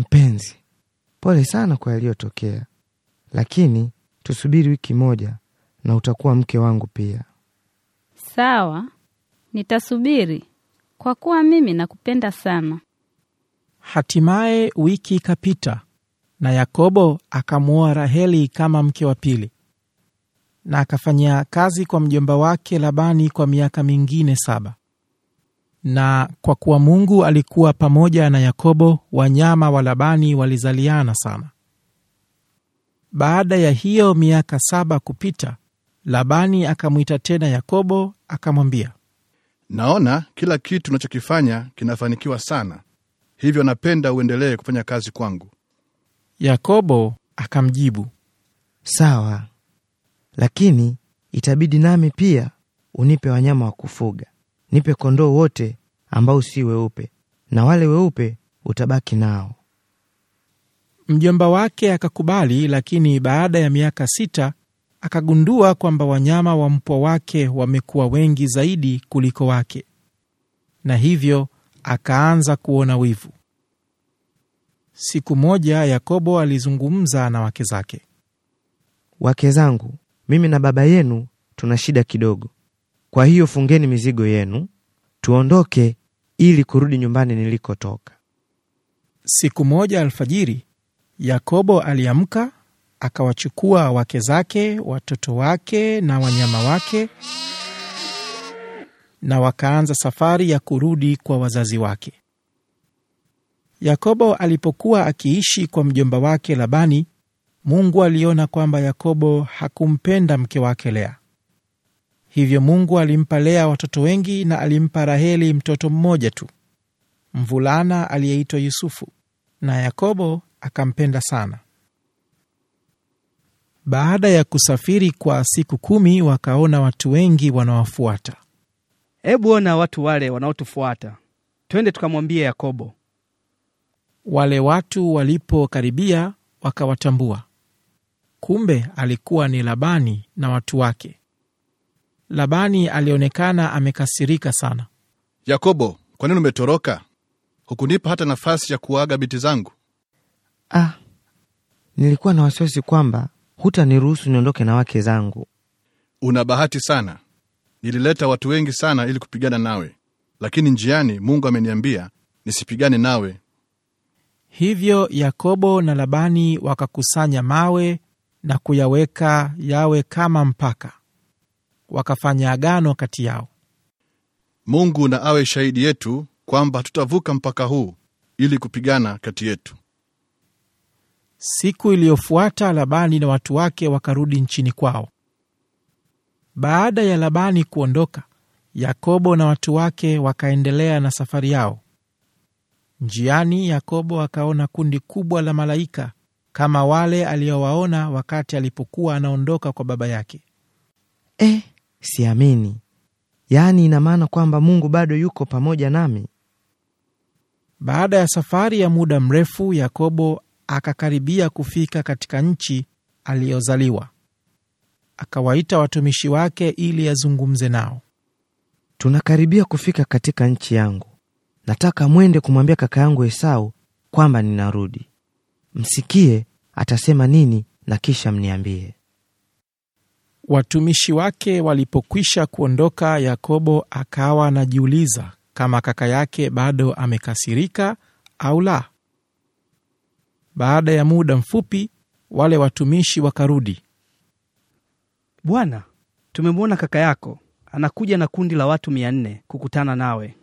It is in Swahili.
Mpenzi, pole sana kwa yaliyotokea, lakini tusubiri wiki moja na utakuwa mke wangu pia. Sawa, nitasubiri kwa kuwa mimi nakupenda sana. Hatimaye wiki ikapita na Yakobo akamwoa Raheli kama mke wa pili, na akafanya kazi kwa mjomba wake Labani kwa miaka mingine saba na kwa kuwa Mungu alikuwa pamoja na Yakobo, wanyama wa Labani walizaliana sana. Baada ya hiyo miaka saba kupita, Labani akamwita tena Yakobo akamwambia, naona kila kitu unachokifanya kinafanikiwa sana, hivyo napenda uendelee kufanya kazi kwangu. Yakobo akamjibu, sawa, lakini itabidi nami pia unipe wanyama wa kufuga nipe kondoo wote ambao si weupe, na wale weupe utabaki nao. Mjomba wake akakubali, lakini baada ya miaka sita akagundua kwamba wanyama wa mpwa wake wamekuwa wengi zaidi kuliko wake, na hivyo akaanza kuona wivu. Siku moja Yakobo alizungumza na wake zake. Wake zangu, mimi na baba yenu tuna shida kidogo. Kwa hiyo fungeni mizigo yenu, tuondoke ili kurudi nyumbani nilikotoka. Siku moja alfajiri, Yakobo aliamka akawachukua wake zake, watoto wake na wanyama wake, na wakaanza safari ya kurudi kwa wazazi wake. Yakobo alipokuwa akiishi kwa mjomba wake Labani, Mungu aliona kwamba Yakobo hakumpenda mke wake Lea. Hivyo Mungu alimpa Lea watoto wengi na alimpa Raheli mtoto mmoja tu, mvulana aliyeitwa Yusufu, na Yakobo akampenda sana. Baada ya kusafiri kwa siku kumi, wakaona watu wengi wanawafuata. ebu ona watu wale wanaotufuata, twende tukamwambie Yakobo. Wale watu walipokaribia wakawatambua, kumbe alikuwa ni Labani na watu wake. Labani alionekana amekasirika sana. Yakobo, kwa nini umetoroka? Hukunipa hata nafasi ya kuaga binti zangu? Ah, nilikuwa na wasiwasi kwamba hutaniruhusu niondoke na wake zangu. Una bahati sana. Nilileta watu wengi sana ili kupigana nawe, lakini njiani Mungu ameniambia nisipigane nawe. Hivyo Yakobo na Labani wakakusanya mawe na kuyaweka yawe kama mpaka wakafanya agano kati yao. Mungu na awe shahidi yetu kwamba hatutavuka mpaka huu ili kupigana kati yetu. Siku iliyofuata Labani na watu wake wakarudi nchini kwao. Baada ya Labani kuondoka, Yakobo na watu wake wakaendelea na safari yao. Njiani Yakobo akaona kundi kubwa la malaika kama wale aliyowaona wakati alipokuwa anaondoka kwa baba yake. Eh, siamini. Yaani, ina maana kwamba Mungu bado yuko pamoja nami. Baada ya safari ya muda mrefu, Yakobo akakaribia kufika katika nchi aliyozaliwa. Akawaita watumishi wake ili azungumze nao. Tunakaribia kufika katika nchi yangu, nataka mwende kumwambia kaka yangu Esau kwamba ninarudi. Msikie atasema nini na kisha mniambie. Watumishi wake walipokwisha kuondoka, Yakobo akawa anajiuliza kama kaka yake bado amekasirika au la. Baada ya muda mfupi, wale watumishi wakarudi. Bwana, tumemwona kaka yako anakuja na kundi la watu mia nne kukutana nawe.